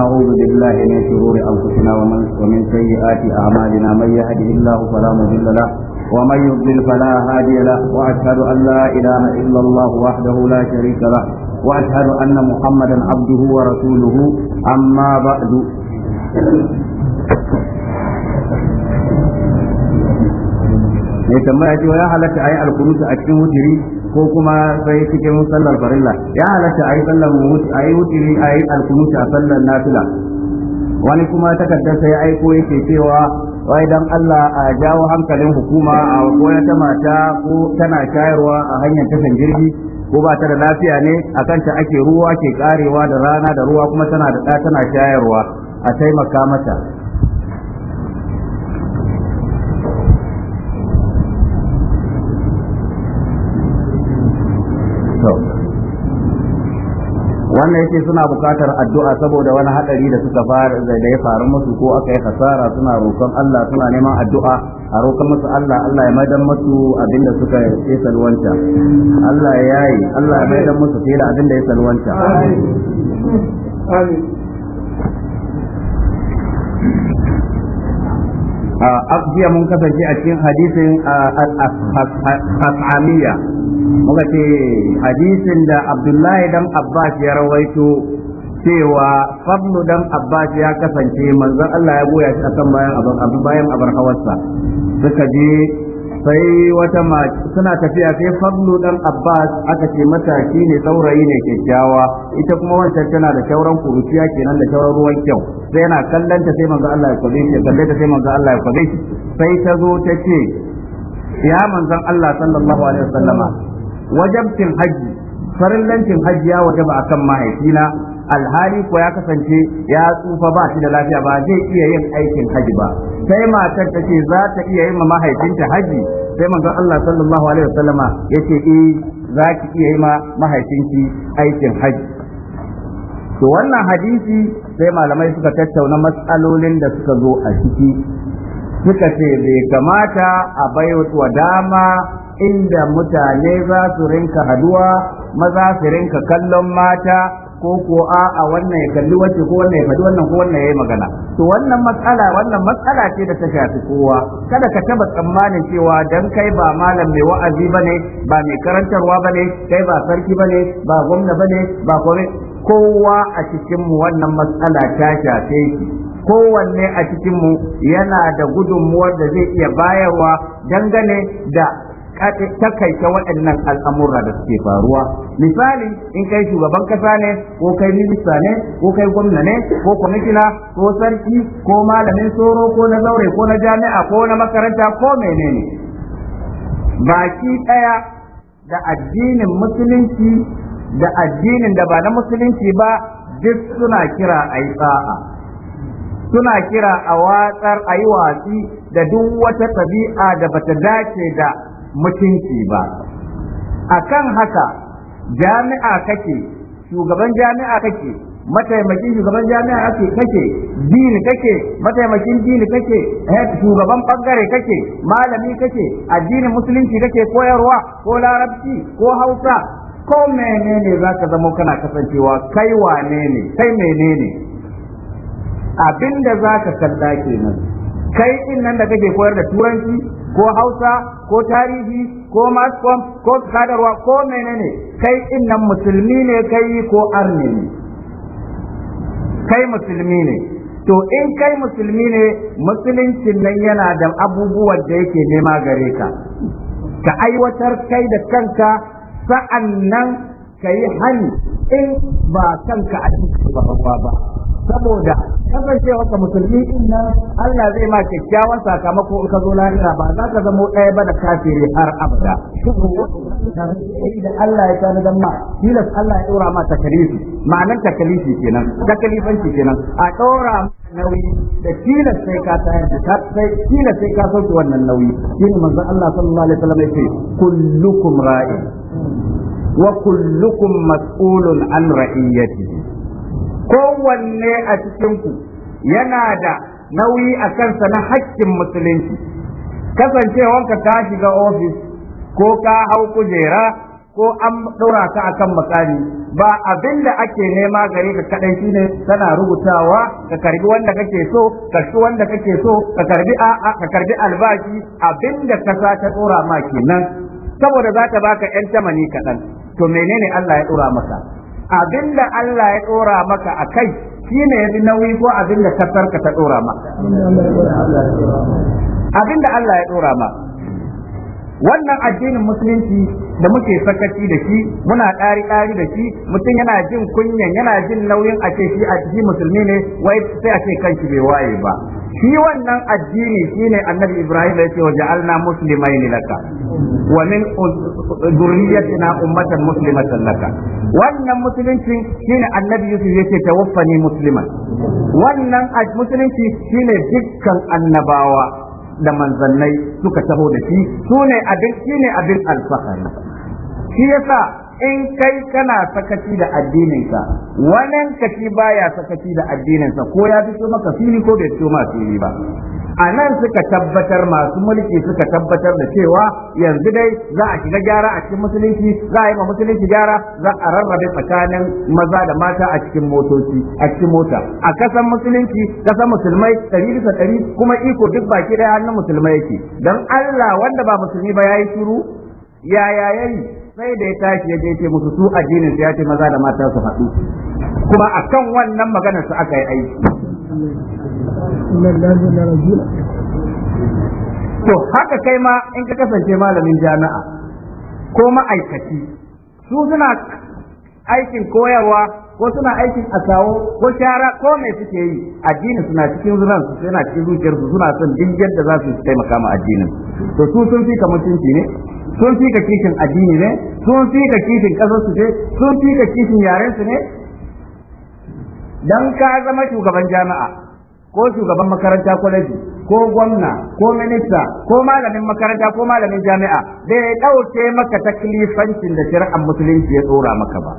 أعوذ بالله من شرور أنفسنا ومن ومن سيئات أعمالنا من يهده الله فلا مضل له ومن يضلل فلا هادي له وأشهد أن لا إله إلا الله وحده لا شريك له وأشهد أن محمدا عبده ورسوله أما بعد ne tambaya cewa ya halatta ayi alkunutu a cikin wutiri ko kuma sai cikin sallar farilla ya halatta ayi sallar wuti ayi wutiri ayi alkunuta a sallar nafila wani kuma takardar sai aiko yake cewa wai dan Allah a jawo hankalin hukuma a wata ta mata ko tana shayarwa a hanyar tashar jirgi ko ba ta da lafiya ne a kanta ake ruwa ke karewa da rana da ruwa kuma tana da tana shayarwa a taimaka mata wannan yake suna bukatar addu'a saboda wani hadari da suka fara da ya faru musu ko aka yi hasara suna roƙon Allah suna neman addu'a a roƙon musu Allah Allah ya maidan musu da suka yi salwanta Allah ya yi Allah ya maidan musu fiye da abin da ya salwanta jiya mun kasance a cikin hadisin as'amiya muka ce hadisin da abdullahi dan abbas ya rawaito cewa fadlu dan abbas ya kasance manzon allah ya goya shi akan bayan abin bayan abar hawarsa suka je sai wata mace suna tafiya sai fadlu dan abbas aka ce mata ne saurayi ne kyakkyawa ita kuma wancan tana da shauran kuruciya kenan da shauran ruwan kyau sai yana kallanta sai manzo Allah ya kwabe shi kalle ta sai manzo Allah ya kwabe shi sai ta zo ta ce ya manzon Allah sallallahu alaihi wasallama wajabtin hajji farillancin hajji ya wajaba akan mahaifina alhali ko ya kasance ya tsufa ba shi da lafiya ba zai iya yin aikin haji ba sai matar ta ce za ta iya yin mahaifinta haji sai manzo Allah sallallahu alaihi wasallama yace eh za ki iya yi mahaifinki aikin haji to wannan hadisi sai malamai suka tattauna matsalolin da suka zo a ciki suka ce bai kamata a baiwa dama inda mutane za su rinka haduwa maza su rinka kallon mata ko ko a a wannan ya kalli wacce ko wannan ya kalli wannan ko wannan ya yi magana to wannan matsala wannan matsala ce da ta shafi kowa kada ka taba tsammanin cewa dan kai ba malam mai wa'azi bane ba mai karantarwa bane kai ba sarki bane ba gwamna bane ba kome kowa a cikin mu wannan matsala ta shafe shi kowanne a cikin mu yana da gudunmuwar da zai iya bayarwa dangane da takaita waɗannan al'amura da suke faruwa misali in kai shugaban kasa ne ko kai minista ne ko kai gwamna ne ko kwamishina ko sarki ko malamin tsoro ko na zaure ko na jami'a ko na makaranta ko menene baki ɗaya da addinin musulunci da addinin da ba na musulunci ba duk suna kira a yi sa'a suna kira a watsar a yi watsi da duk wata tabi'a da bata dace da mutunci ba a kan haka jami'a kake shugaban jami'a kake mataimakin shugaban jami'a kake kake dini kake mataimakin dini kake eh, shugaban bangare kake malami kake addinin musulunci kake koyarwa ko larabci ko hausa ko menene za ka zama kana kasancewa kai wane ne kai menene abinda za ka kalla kenan kai din nan da kake koyar da turanci ko hausa ko tarihi ko maskom ko sadarwa ko menene kai din nan musulmi ne kai ko arni ne kai musulmi ne to in kai musulmi ne musuluncin nan yana da abubuwan da yake nema gare ka ka aiwatar kai da kanka sa'an nan ka yi hani in ba kanka a cikin ba ba saboda kasancewa ka musulmi din nan Allah zai ma kyakkyawan sakamako in ka zo lahira ba za ka zamo ɗaya ba da kafiri har abada da Allah ya tana dan ma tilas Allah ya dora ma takalifi ma'anar takalifi kenan takalifanci kenan a dora nauyi da tilas sai ka tayar da ka sai tilas sai ka sauke wannan nauyi shine manzo Allah sallallahu alaihi wasallam yace kullukum ra'in wa kullukum mas'ulun an ra'iyatihi kowanne a cikinku yana da nauyi a kansa na haƙƙin musulunci kasancewanka ka shiga ofis ko ka hau kujera ko an ɗora ka akan makami ba abin da ake nema gare ka kaɗai shine tana rubutawa ka karbi wanda kake so ka shi wanda kake so ka karbi ka karbi albashi abin da ka sa ta ɗora ma kenan saboda za ta baka 'yan tamani kaɗan to menene Allah ya ɗora masa? abinda Allah ya dora maka a kai shi ne ya fi nauyi ko abinda kasar ka ta dora ma abinda Allah ya dora ma wannan addinin musulunci da muke sakaci da shi muna ƙari ƙari da shi mutum yana jin kunyan yana jin nauyin a ce shi a musulmi ne wai sai a ce kanki bai waye ba shi wannan addini shine annabi ibrahim ya ce wa ja'alna muslimaini laka wa min dhurriyyatina ummatan muslimatan laka wannan musulunci shine annabi yusuf ya yace tawaffani musliman wannan musulunci shine dukkan annabawa da manzannai suka taho da shi sune abin shine abin alfahari shi yasa in kai kana sakaci da addininka wannan kaci baya sakaci da addininsa ko ya fito maka fili ko bai fito maka fili ba a nan suka tabbatar masu mulki suka tabbatar da cewa yanzu dai za a shiga gyara a cikin musulunci za a yi ma musulunci gyara za a rarrabe tsakanin maza da mata a cikin motoci a cikin mota a kasan musulunci kasan musulmai ɗari bisa ɗari kuma iko duk baki ɗaya hannun musulmai yake don Allah wanda ba musulmi ba ya yi shiru yaya yayi sai da ya tashi ya je musu su addinin ya ce maza da mata su haɗu kuma akan wannan maganar su aka yi aiki to haka kai ma in ka kasance malamin jami'a ko ma'aikaci su suna aikin koyarwa ko suna aikin asawo ko shara ko mai suke yi addinin suna cikin zuran su suna cikin zuciyar su suna son duk da za su taimaka ma addinin to su sun fi kamar ne sun fi ka kishin addini ne sun fi ka kishin kasar su sun fi ka kishin yaren su ne dan ka zama shugaban jami'a ko shugaban makaranta kwalaji ko gwamna ko minista ko malamin makaranta ko malamin jami'a bai dauke maka taklifancin da shari'ar musulunci ya tsora maka ba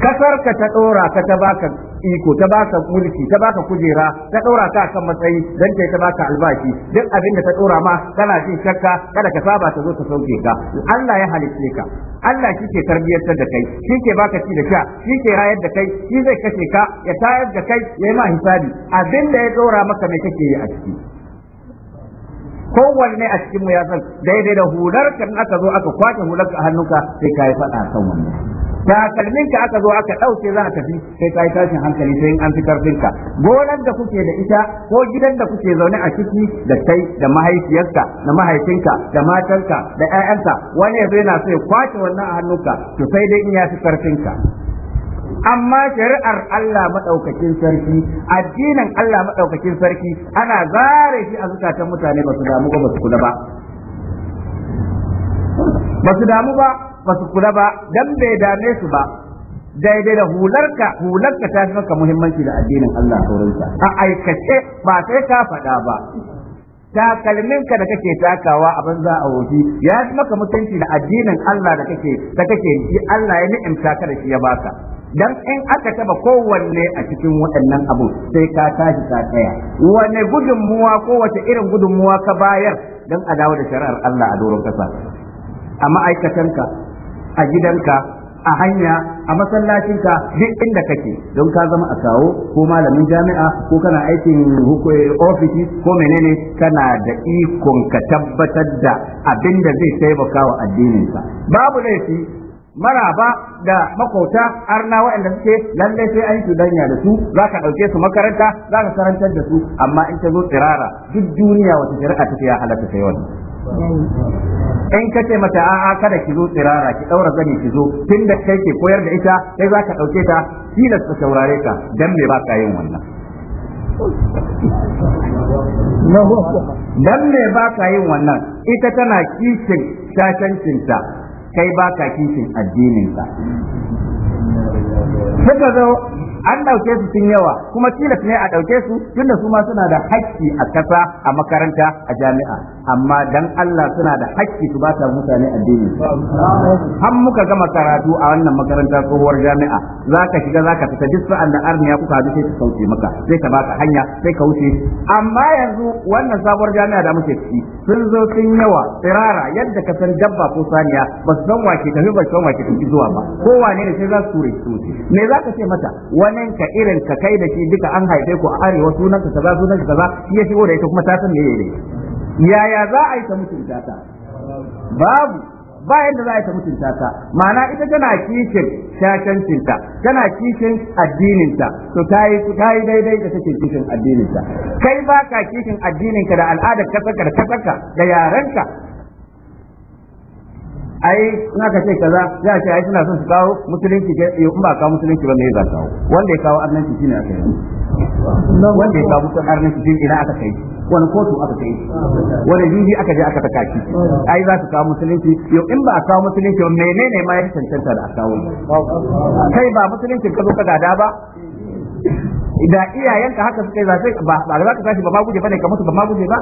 kasar ka ta dora ka ta baka iko ta baka mulki ta baka kujera ta dora ka kan matsayi dan ta baka albashi duk abin da ta dora ma kana jin shakka kada ka saba ta zo ta sauke ka Allah ya halicce ka Allah shi ke da kai shi ke baka ci da sha shi ke rayar da kai shi zai kashe ka ya tayar da kai ya yi ma hisabi abin da ya dora maka mai kake yi a ciki kowanne a cikin mu ya san daidai da hular ka aka zo aka kwace hular ka hannunka sai kai fada kan wannan takalmin ka aka zo aka dauke za a tafi sai kai tashin hankali sai an fi karfin ka gonar da kuke da ita ko gidan da kuke zaune a ciki da kai da mahaifiyarka da mahaifinka da matarka da ƴaƴanka wani yazo yana so ya kwace wannan a hannunka to sai dai in ya fi karfin ka amma shari'ar Allah madaukakin sarki addinin Allah madaukakin sarki ana zare shi a zukatan mutane ba su damu ba ba su kula ba ba su damu ba ba su kula ba dan bai dame su ba daidai da hularka hularka ta fi maka muhimmanci da addinin Allah sauransa a aikace ba sai ka faɗa ba takalminka da kake takawa a banza a wofi ya fi maka mutunci da addinin Allah da kake da kake Allah ya ni'imta ka da shi ya baka dan in aka taba kowanne a cikin waɗannan abu sai ka tashi ka tsaya wane gudunmuwa ko wace irin gudunmuwa ka bayar dan a dawo da shari'ar Allah a doron kasa a ma'aikatanka a gidanka a hanya a masallacinka duk inda kake don ka zama a kawo ko malamin jami'a ko kana aikin eh, ofishi ko menene kana da ikon ka tabbatar da abin da zai taimaka wa addininka babu laifi maraba da makauta arna waɗanda suke lallai sai an yi danya da su za ka ɗauke su makaranta za ka karantar da su amma in ta zo tsirara duk duniya wata shari'a ta ya halatta sai wani. in ka ce mata a'a kada ki zo tsirara ki ɗaura zani ki zo tun da kai ke koyar da ita sai za ka ɗauke ta tilas ka saurare ka dan me ba ka yin wannan dan me ba ka yin wannan ita tana kishin shashancinta kai ba ka kishin addininsa suka zo an dauke su sun yawa kuma tilas ne a dauke su tunda su ma suna da hakki a kasa a makaranta a jami'a amma dan Allah suna da hakki su bata mutane addini har muka gama karatu a wannan makaranta tsohuwar jami'a zaka shiga zaka fita duk sa'an da arniya kuka haɗu sai ta sauke maka sai ka baka hanya sai ka wuce amma yanzu wannan sabuwar jami'a da muke ciki sun zo sun yawa tsirara yadda ka san dabba ko saniya ba su san wake tafi ba su san wake tafi zuwa ba kowane ne sai za su ture su me za ka ce mata wani ka irin ka kai da shi duka an haife ku a arewa sunan ka kaza sunan ka kaza ya shigo da ita kuma ta san meye yaya za a yi ta mutunta ta babu ba yadda za a yi ta mutunta ta ma'ana ita tana kishin ta tana kishin addininta to ta yi ta yi daidai da take kishin addininta kai ba ka kishin addininka da al'adar saka da saka da ka? ai in aka ce kaza za a ce ai suna son su kawo musulunci ke in ba kawo musulunci ba me za kawo wanda ya kawo arnanci shine aka yi wanda ya kawo musulunci arnanci shine ina aka kai wani kotu aka kai wani jiji aka je aka taka shi ai za su kawo musulunci yau in ba a kawo musulunci ba menene ma ya cancanta da a kawo kai ba musulunci ka zo ka gada ba da iyayenka haka suka yi zafi ba za ka tashi ba ba guje bane ka mutu ba ma guje ba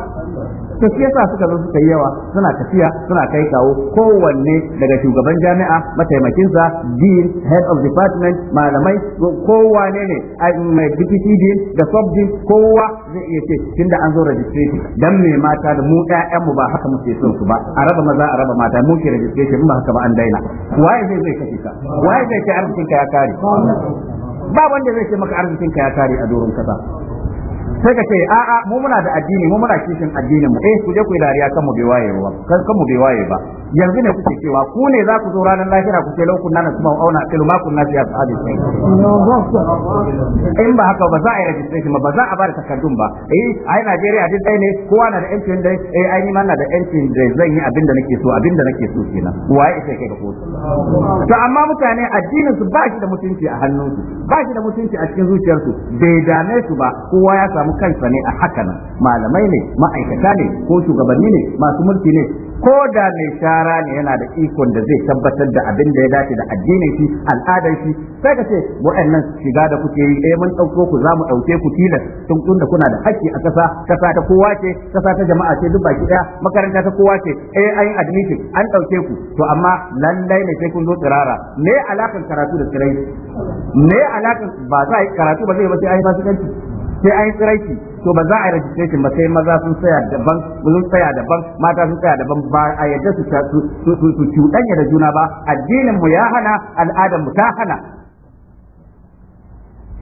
to shi yasa suka zo suka yi yawa suna tafiya suna kai kawo kowanne daga shugaban jami'a mataimakinsa dean head of department malamai kowane ne mai deputy dean da sub dean kowa zai iya ce tunda an zo registration dan me mata da mu ƴaƴan mu ba haka muke son su ba a raba maza a raba mata mu ke registration ba haka ba an daina waye zai zai kashe ka waye zai ce arzikin ka ya kare ba wanda zai ce maka arzikin ka ya kare a doron kasa sai ka ce a'a mu muna da addini mu muna kishin addinin mu eh ku je ku yi dariya kan mu bai waye ba kan kan mu bai waye ba yanzu ne kuke cewa ku ne za ku zo ranar lahira ku ce lau kunna na kuma auna tilu ma kunna fi ashabi in ba haka ba za a yi registration ba za a bar takardun ba eh ai Najeriya din dai ne kowa na da yancin dai eh ai ni ma na da yancin dai zan yi abin da nake so abin da nake so kenan waye sai kai ka kotu to amma mutane addinin su ba shi da mutunci a hannunsu ba shi da mutunci a cikin zuciyarsu bai dame su ba kowa ya samu samu kansa ne a haka nan malamai ne ma'aikata ne ko shugabanni ne masu mulki ne ko da mai shara ne yana da ikon da zai tabbatar da abin da ya dace da addinin shi al'adar shi sai ka ce waɗannan shiga da kuke yi eh mun ɗauko ku zamu mu ɗauke ku tilas tun tunda kuna da haƙƙi a kasa kasa ta kowa ce kasa ta jama'a ce duk baki ɗaya makaranta ta kowa ce eh an admission an ɗauke ku to amma lallai ne sai kun zo tsirara me alakan karatu da tsirai me alakan ba za a karatu ba zai ba sai an yi fasikanci sai an yi tsiraiki to ba za a yi registration ba sai maza sun tsaya daban sun tsaya daban mata sun tsaya daban ba a yadda su su cuɗanya da juna ba addinin mu ya hana al'adar mu ta hana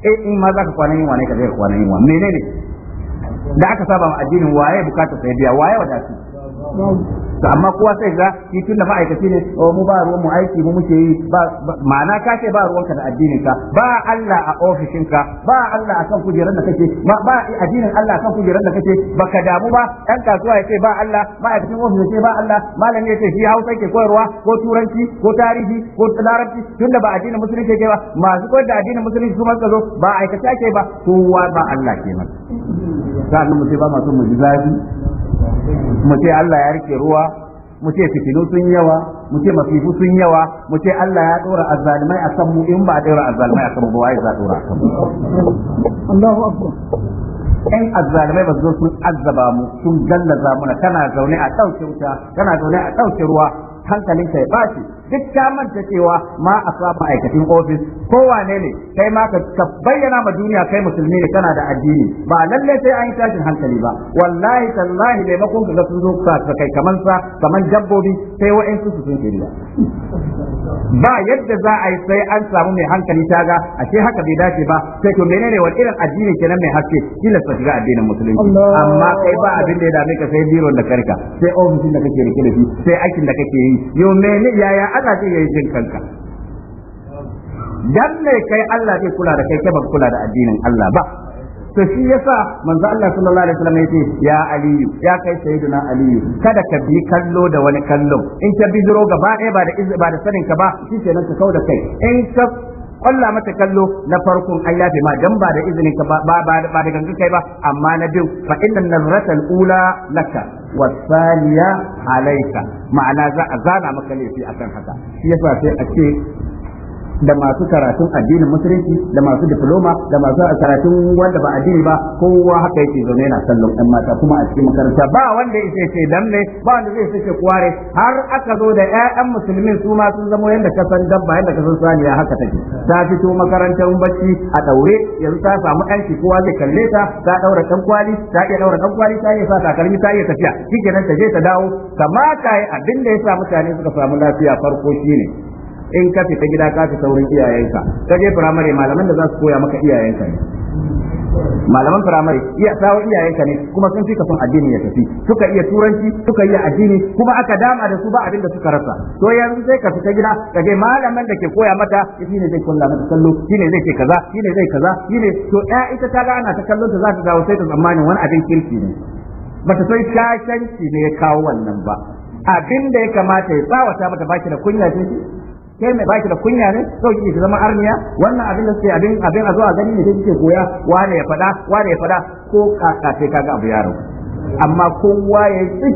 eh in ma za ka kwana yin wane ka zai kwana yin wa menene da aka saba addinin waye bukatar sai biya waye wadatu to amma kowa sai ga shi tunda ma'aikaci ne o oh, mu ba ruwan mu aiki mu muke yi ba ma'ana ka ce ba ruwanka da addinin ka ba Allah a ofishin ka ba Allah akan kujerar da kake ba addinin Allah akan kujerar da kake baka damu ba ɗan kasuwa ya ce ba Allah ma'aikacin ofis ya ce ba Allah malami ya ce shi Hausa ke koyarwa ko turanci ko tarihi ko larabci tunda ba addinin musulunci ke ba masu koyar da addinin musulunci su ka zo ba aikace ke ba kowa ba Allah ke masa sa'an mu ce ba masu mujizabi mu ce Allah ya rike ruwa mu ce fitinu sun yawa mu ce masifu sun yawa mu ce Allah ya dora azzalimai a kan mu in ba a dora azzalimai a kan mu ba ya za dora Allahu akbar in azzalimai ba zo sun azzaba mu sun gallaza mu kana zaune a ɗauke wuta kana zaune a ɗauke ruwa hankalinka ya bashi duk ka manta cewa ma a saba aikacin ofis kowane ne kai ma ka bayyana ma duniya kai musulmi ne kana da addini ba lalle sai an yi tashin hankali ba wallahi tallahi maimakon ka ga sun zo ka kai kaman sa kaman dabbobi sai waɗansu su sun shirya ba yadda za a yi sai an samu mai hankali ta ga ce haka bai dace ba sai to menene wani irin addini kenan mai haske kila sa shiga addinin musulunci amma kai ba abin da ya dame ka sai biro da karka sai ofisin da kake rike da shi sai aikin da kake yi yo mene yaya Allah zai yi jin kanka dan me kai Allah zai kula da kai kai ba kula da addinin Allah ba to shi yasa manzo Allah sallallahu alaihi wasallam yace ya aliyu ya kai sayyiduna aliyu kada ka bi kallo da wani kallo in ka bi zuro gaba ɗaya ba da ba da sanin ka ba shi kenan ka kauda kai in ka kwalla mata kallo na farkon an yafe ma dan ba da izinin ka ba ba da gangan kai ba amma na biyu fa inna nazrata ula laka wa thaniya alayka ma'ana za a zana maka laifi akan haka shi yasa sai a ce da masu karatun addinin musulunci da masu diploma da masu karatun wanda ba addini ba kowa haka yake zaune na sallon ɗan mata kuma a cikin makaranta ba wanda yake ce dan ne ba wanda zai sake kware har aka zo da ƴaƴan musulmin su ma sun zamo yanda ka san dabba yanda ka san saniya haka take ta fito makarantar bacci a daure yanzu ta samu ɗanki, kowa zai kalle ta ta daura ɗan kwali ta iya daura ɗan kwali ta iya sa takalmi ta iya tafiya shikenan ta je ta dawo kamata abin da ya sa mutane suka samu lafiya farko shine in ka fita gida ka fi saurin iyayenka ka je firamare malaman da za su koya maka iyayenka ne malaman firamare iya sawo iyayenka ne kuma sun fi ka son addini ya tafi suka iya turanci suka iya addini kuma aka dama da su ba abin da suka rasa to yanzu sai ka fita gida ka je malaman da ke koya mata ne zai kulla mata kallo ne zai ke kaza ne zai kaza shi ne. to ya ita ta ga ta kallon ta za ta dawo sai ta tsammanin wani abin kirki ne bata san shashanci ne ya kawo wannan ba abin da ya kamata ya tsawata mata baki da kunya ce kai mai baki da kunya ne sau kike zama armiya, wannan abin da suke abin abin a zuwa gani ne sai kike koya wane ya fada wane ya fada ko kaka sai kaga abu yaro amma kowa ya yi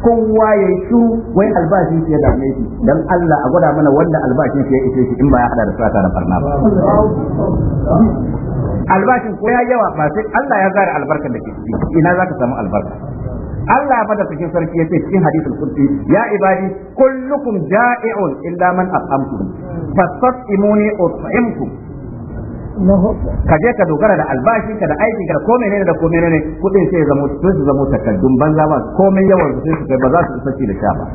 kowa ya shu wai albashin shi ya dame shi dan Allah a gwada mana wanda albashin shi ya ishe shi in ba ya hada da sata da farna ba albashin ko ya yawa ba sai Allah ya gare albarkar da ke ina zaka samu albarka Allah cikin sarki yace cikin hadisul qudsi ya ibadi kullukum ja'i'un illa man at'amtum fastat'imuni ut'imkum ka je ka dogara da albashi ka da aiki ka da komai ne da komai ne kudin sai zamo sun su zamo takaddun banza ba komai yawan sai su kai ba za su isa da sha ba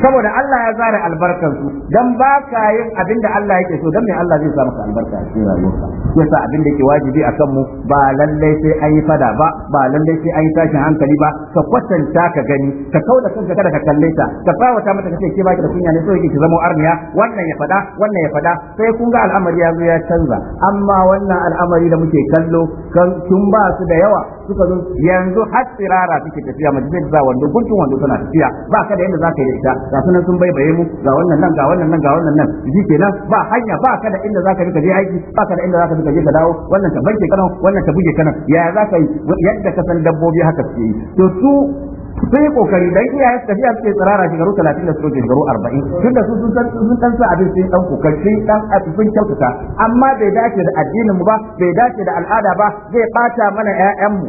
saboda Allah ya zare albarkar su dan ba ka yin abin da Allah yake so dan me Allah zai sa maka albarka a cikin rayuwarka yasa abin da yake wajibi akan mu ba lallai sai an yi fada ba ba lallai sai an yi tashin hankali ba ka kwatanta ka gani ka kauda kanka kada ka kalle ta ka tsawata mata kace ke baki da kunya ne so yake ki zama arniya wannan ya fada wannan ya fada sai kun ga al'amari ya zo ya canza amma wannan al'amari da muke kallo kan kin ba su da yawa suka zo yanzu har tsirara suke tafiya majalisar wando guntun wando tana tafiya ba ka da yadda za ka yi ita ga sunan sun baibaye mu ga wannan nan ga wannan nan ga wannan nan ji kenan ba hanya ba ka da inda zaka rika je aiki ba ka da inda zaka rika je ka dawo wannan ta banke kana wannan ta buge kana Yaya zaka yi yadda ka san dabbobi haka suke yi to su sun kokari dan iyaye su tafiya suke tsirara shigaru talatin da suke shigaru arba'in tun su sun san sun san sa abin sai dan kokari sun dan eh, sun kyautata amma bai dace da addinin mu ba bai dace da al'ada ba zai bata mana ƴaƴan mu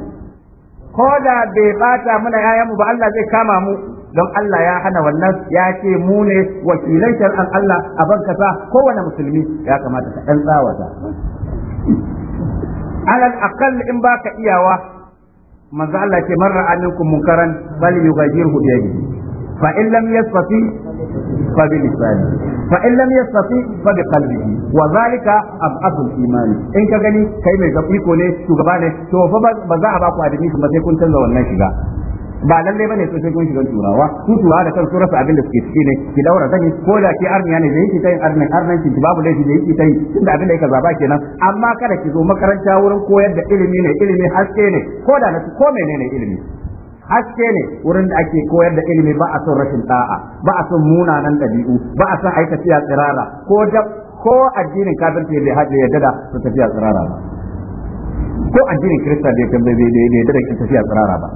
ko da bai bata mana ƴaƴan mu ba Allah zai kama mu don Allah ya hana wannan ya ce mu ne wakilan shar'an Allah a bankasa kowane musulmi ya kamata ka dan tsawata alal aqall in baka iyawa manzo Allah ce man ra'a minkum munkaran bal yughayyiru bi yadihi fa in lam yastati fa bi lisani fa in lam yastati fa bi qalbihi wa zalika ab'athul iman in ka gani kai mai iko ne shugaba ne to fa ba za a ba ku adimi ba sai kun canza wannan shiga ba lalle bane sai sai kun shiga turawa su turawa da kan rasa abin da suke ciki ne ki daura zani ko da ki arniya ne da yake tayin arnin arnin ki babu laifi da yake tayin da abin da yake zaba kenan amma kada ki zo makaranta wurin koyar da ilimi ne ilimi haske ne ko da na ko menene ilimi haske ne wurin da ake koyar da ilimi ba a son rashin da'a ba a son munanan dabi'u ba a son aikaciya tsirara ko da ko addinin kafirci bai haɗe yadda da su tafiya tsirara ba ko addinin kirista bai bai bai yadda da tafiya tsirara ba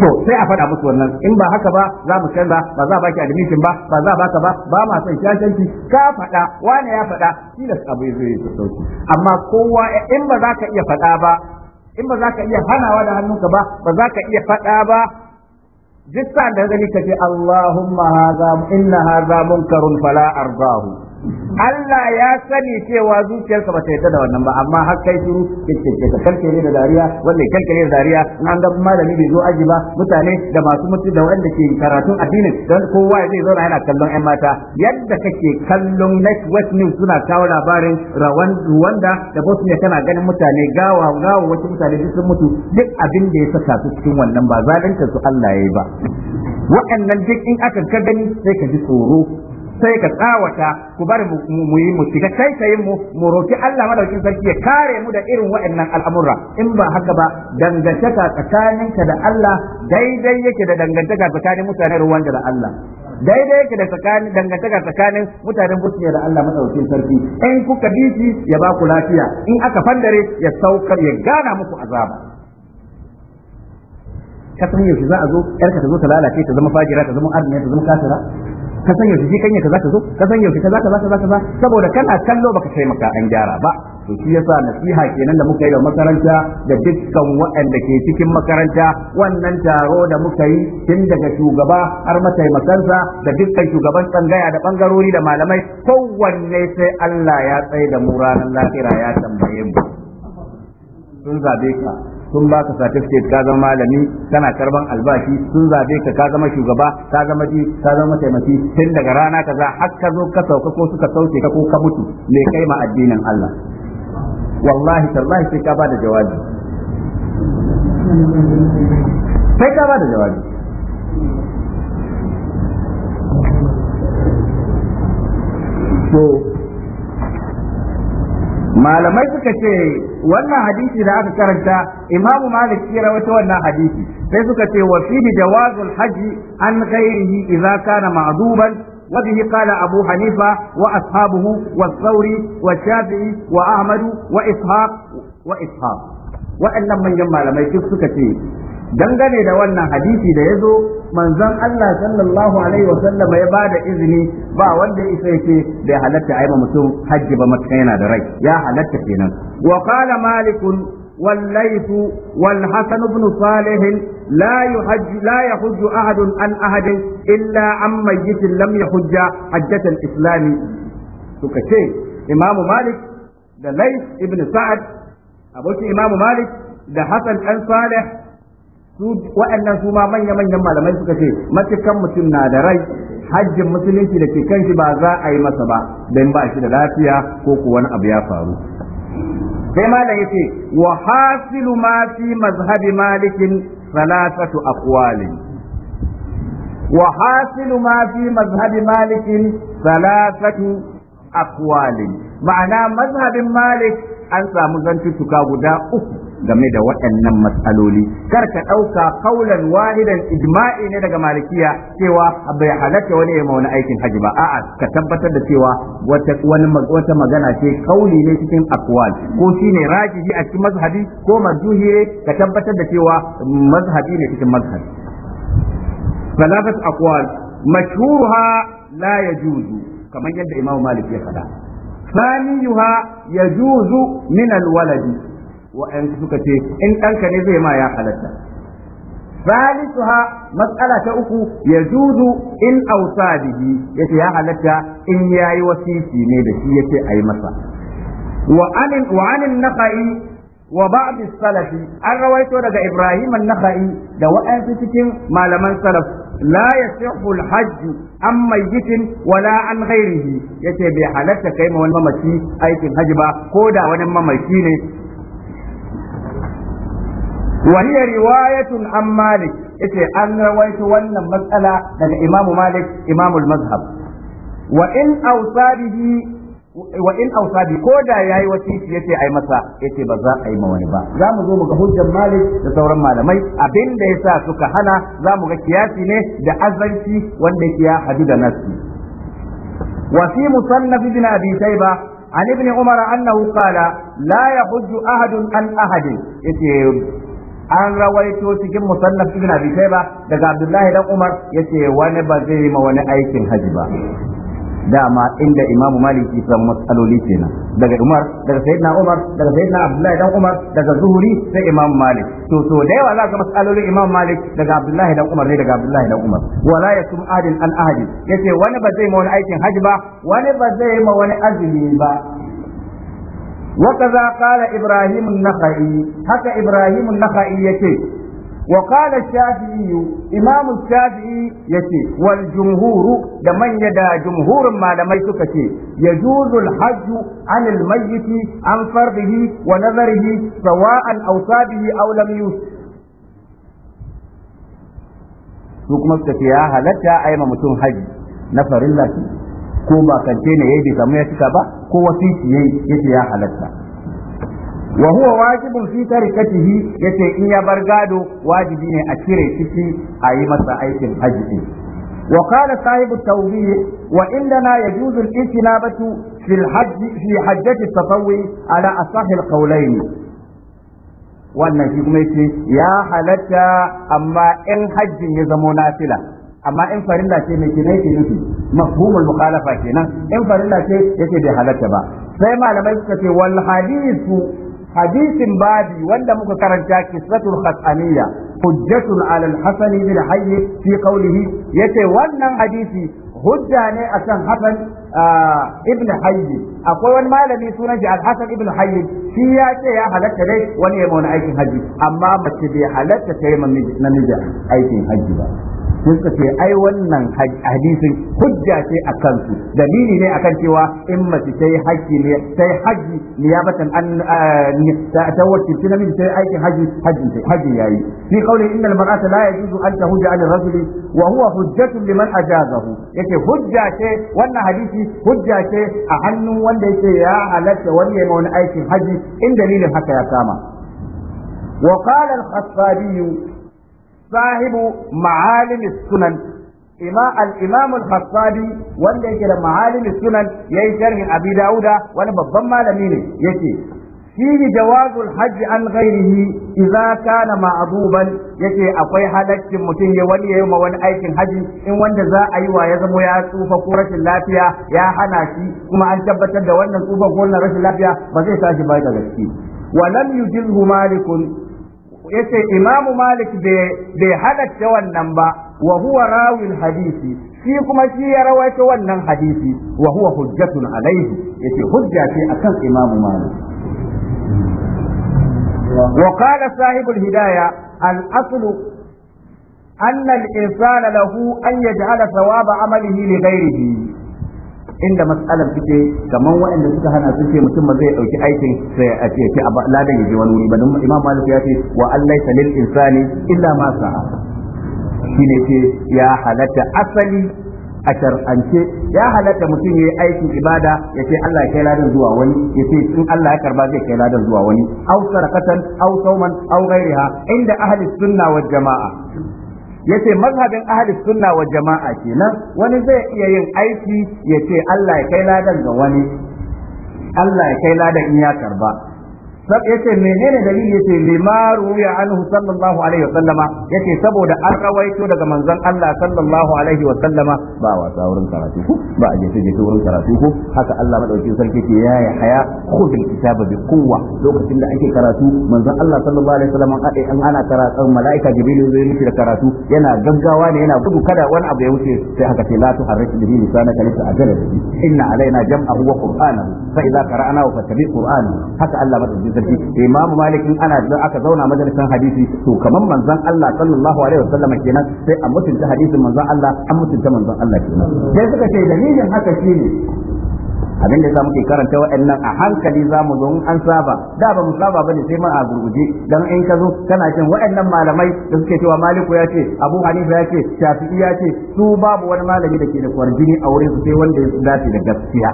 to sai a faɗa musu wannan in ba haka ba za mu canza ba za a baki admission ba ba za baka ba ba ma son shashanci ka faɗa wane ya faɗa tilas abu zai yi sauki amma kowa in ba za ka iya faɗa ba in ba za ka iya hanawa da hannunka ba ba za ka iya faɗa ba duk da gani ka ce Allahumma hadha inna hadha munkarun fala ardahu Allah ya sani cewa zuciyarsa ba ta yarda da wannan ba amma har kai shiru kike ka ne da dariya wanda ne da dariya nan ga malami bai zo aji ba mutane da masu mutu da wanda ke karatun addinin don kowa zai zauna yana kallon ƴan mata yadda kake kallon next west news suna kawo labarin rawan wanda da ne kana ganin mutane gawa gawa wasu mutane duk sun mutu duk abin da ya saka su cikin wannan ba zalunta su Allah yayi ba waɗannan duk in aka ka gani sai ka ji tsoro sai ka tsawata ku bar mu yi mu shiga kai kai mu mu roki Allah madaukin sarki ya kare mu da irin waɗannan al'amura in ba haka ba dangantaka tsakaninka da Allah daidai yake da dangantaka tsakanin mutanen ruwan da Allah daidai yake da tsakanin dangantaka tsakanin mutanen Burkiya da Allah madaukin sarki in kuka bisi ya ba ku lafiya in aka fandare ya saukar ya gana muku azaba ka san yaushe za a zo yarka ta zo ta lalace ta zama fajira ta zama arniya ta zama kafira ka san yaushe shi kanya za ka zo ka san yaushe kaza kaza kaza kaza saboda kana kallo baka taimaka an gyara ba to shi yasa nasiha kenan da muka yi wa makaranta da dukkan waɗanda ke cikin makaranta wannan taro da muka yi tun daga shugaba har mataimakansa da dukkan shugaban tsangaya da bangarori da malamai kowanne sai Allah ya tsaye da mu ranar lafiya ya tambaye mu sun zabe ka sun ba ka certificate ka zama malami kana karban albashi sun zabe ka ka zama shugaba ka zama ji ka zama taimaki tun daga rana kaza har ka zo ka sauka ko suka sauke ka ko ka mutu me kai ma addinin Allah wallahi tallahi sai ka ba da jawabi sai ka ba da jawabi to malamai suka ce wannan hadisi da aka karanta imamu malik ya wata wannan hadisi sai suka ce wa fihi jawazul haji an ghairihi idza kana ma'duban wa bihi qala abu hanifa wa ashabuhu wa thawri wa shafi'i wa ahmadu wa ishaq wa ishaq wa'annan manyan malamai duk suka ce dangane da wannan hadisi da ya zo manzon Allah sallallahu alaihi wa sallama ya bada izini ba wanda ya isa da ya halatta aima mutum hajji ba maka yana da rai ya halatta kenan wa qala malikun والليث والحسن بن صالح لا يحج لا يحج أحد عن أحد إلا عن ميت لم يحج حجة الإسلام سكتي إمام مالك da Lais ibn Sa'ad abokin Imam Malik da Hassan ɗan Saleh su waɗannan su ma manya manyan malamai suka ce matukan mutum na da rai hajjin musulunci da ke kan shi ba za a yi masa ba don ba shi da lafiya ko ko wani abu ya faru sai malam yace wa hasilu ma fi mazhabi malikin salasatu aqwalin wa hasilu ma fi mazhabi malikin salasatu ma'ana mazhabin malik an samu zantuttuka guda uku game da waɗannan matsaloli kar ka ɗauka kaulan wahidan ijma'i ne daga malikiya cewa bai halatta wani ya mauna aikin haji ba a'a ka tabbatar da cewa wata wani wata magana ce kauli ne cikin akwal ko shine rajihi a cikin mazhabi ko marjuhi ne ka tabbatar da cewa mazhabi ne cikin mazhabi ثلاثة أقوال la yajuzu kamar yadda يد إمام ya يفعل ثانيها يجوز من الولد wa'yansu suka ce in ɗanka ne zai ma ya halarta. Salisu ha matsala ta uku ya zuzu in ausa bihi ya ce ya halatta in ya yi wasisi ne da shi ya ce a yi masa. Wa'anin naka'i wa ba'abi salafi an rawaito daga Ibrahim Nafai, da wa'yansu cikin malaman salaf لا يصح الحج yace bai halarta عن غيره يتبع لك كيما ونمشي أي ko da wani كودا ne. وهي رواية عن مالك إيه أن رويت وأن مسألة لدى إمام مالك إمام المذهب وإن أوصى به وإن أوصى به كودا ياي وسيس يتي أي مسا يتي بزا أي مواني با زام زو مغا حجة مالك لتورا مالمي أبين دا يسا سكا هنا زام مغا كياسي نه دا أزلتي وان دا كيا حدود نفسي وفي مصنف ابن أبي شيبة عن ابن عمر أنه قال لا يحج أحد عن أحد يتي an rawaito cikin musannaf ibn abi shayba daga abdullahi dan umar yace wani ba zai yi ma wani aikin haji ba dama inda imamu maliki san matsaloli kenan daga umar daga sayyidina umar daga sayyidina abdullahi dan umar daga zuhuri sai imamu malik to to da yawa za ka matsalolin imamu malik daga abdullahi dan umar ne daga abdullahi dan umar wala yasum adin an ahadin yace wani ba zai ma wani aikin haji ba wani ba zai ma wani azumi ba وكذا قال إبراهيم النخعي حتى إبراهيم النخعي يتي وقال الشافعي إمام الشافعي يتي والجمهور لمن يدا جمهور ما لم يتكتي يجوز الحج عن الميت عن فرضه ونذره سواء أوصى به أو لم يوسف su kuma suka ce ya halatta a yi mutum haji na farilla ko bakance ne yayi bai samu ya cika ba ko wasiki yayi yace ya halatta wa huwa wajibun fi tarikatihi yace in ya bar gado wajibi ne a cire ciki a yi masa aikin haji وقال صاحب التوبيخ وإننا يجوز الاجتنابة في الحج في حجة التطوع على أصح القولين wannan shi kuma ya halatta amma in hajjin ya zamo nafila amma in farilla ce mai kenan yake nufi mafhumul mukhalafa kenan in farilla ce yake bai halatta ba sai malamai suka ce wal hadisu hadisin babi wanda muka karanta kisratul khasaniya hujjatul ala al-hasan ibn hayy fi qawlihi yace wannan hadisi hujja ne akan hasan ibn hayy akwai wani malami sunan shi al ibn hayy shi ya ce ya halatta dai wani ya mauna aikin haji amma mace bai halatta ta yi namiji aikin haji ba sai suka ce ai wannan hadisin hujja ce a kansu dalili ne akan cewa in mace ta yi haji ne ta yi haji niyabatan an ta wacce ta namiji ta yi aikin haji haji ta haji yayi fi qawli inna al-mar'ata la yajuzu an tahuja 'ala ar-rajuli wa huwa hujjatun liman ajazahu yake hujja ce wannan hadisi hujja ce a hannun wanda yake ya halatta wani ya wani aikin haji in dalilin haka ya kama. wakalar qala al sahibu ma'alim sunan ima al-Imam al-Khattabi wanda yake da ma'alim sunan yayi sharhin Abi Dauda wani babban malami ne yake fihi jawazul hajji an ghairihi idza kana ma'duban yace akwai halaccin mutum ya wani yayi ma wani aikin haji in wanda za a yi wa ya zama ya tsufa ko rashin lafiya ya hana kuma an tabbatar da wannan tsufa ko wannan rashin lafiya ba zai tashi ba da gaske wa lam yujizhu malikun yace imamu malik bai halatta wannan ba wa huwa hadisi shi kuma shi ya rawaito wannan hadisi wa huwa hujjatun alaihi yace hujja ce akan imamu malik وقال صاحب الهداية الأصل أن الإنسان له أن يجعل ثواب عمله لغيره inda matsalar suke kamar waɗanda suka hana su ce mutum ba zai ɗauki aikin sai a ce ba ladan yaje wani wuri ba don imam ya ce wa allai salil insani illa ma sa'a shine ce ya halatta asali a shar'ance ya halatta mutum ya yi aikin ibada ya ce Allah ya kai ladan zuwa wani ya ce in Allah ya karba zai kai ladan zuwa wani Au sarakatan au sauman au gairiha inda ahli sunna wal jama'a Ya yace mazhabin ahli sunna wal jama'a kenan wani zai iya yin aiki ya ce Allah ya kai ladan ga wani Allah ya kai ladan in ya karba sab yace menene dalili yace lima ruya anhu sallallahu alaihi wa wasallama yace saboda an rawaito daga manzon Allah sallallahu alaihi wa sallama. ba wasa wurin karatu ku ba a jefe jefe wurin karatu ku haka Allah madaukakin sarki ke ya ya haya khudul kitaba bi quwwa lokacin da ake karatu manzon Allah sallallahu alaihi wa wasallama an ana karatu malaika jibril zai miki da karatu yana gaggawa ne yana gudu kada wani abu ya wuce sai haka ce la tuharrik bihi lisanaka lita ajala inna alaina jam'ahu wa qur'anahu fa idza qara'nahu fattabi' qur'anahu haka Allah madaukakin tafi imam malik in ana da aka zauna majalisan hadisi to kamar manzon Allah sallallahu alaihi wasallam kenan sai a mutunta hadisin manzon Allah an mutunta manzon Allah kenan sai suka ce dalilin haka shine abin da yasa muke karanta waɗannan a hankali za mu zo in an saba da ba mu saba ne sai ma a gurguje dan in ka zo kana cin waɗannan malamai da suke cewa maliku ya ce abu hanifa ya ce shafi'i ya ce su babu wani malami da ke da kwarjini a wurin su sai wanda ya dace da gaskiya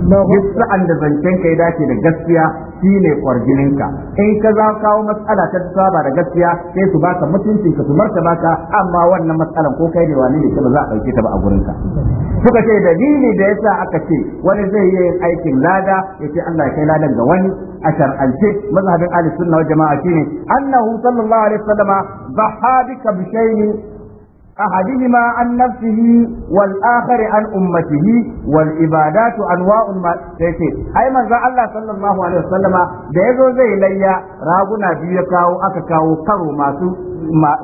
duk sa'an da zancen ka ya dace da gaskiya shine kwarjininka in ka za kawo matsala ta saba da gaskiya sai su baka mutuncin ka su martaba ka amma wannan matsalan ko kai ne wani ne ba za a ɗauke ta ba a ka. suka ce dalili da yasa aka ce wani zai zai aikin lada ya ce Allah ya kai ladan ga wani a shar'ance mazhabin ahli sunna wal jama'a shine annahu sallallahu alaihi wasallama dhahadika bi shay'in أحدهما عن نفسه والآخر عن أمته والعبادات أنواع ما تيتي أي من الله صلى الله عليه وسلم ديزو زي ليا راغنا بيكاو أكاو كرو ماسو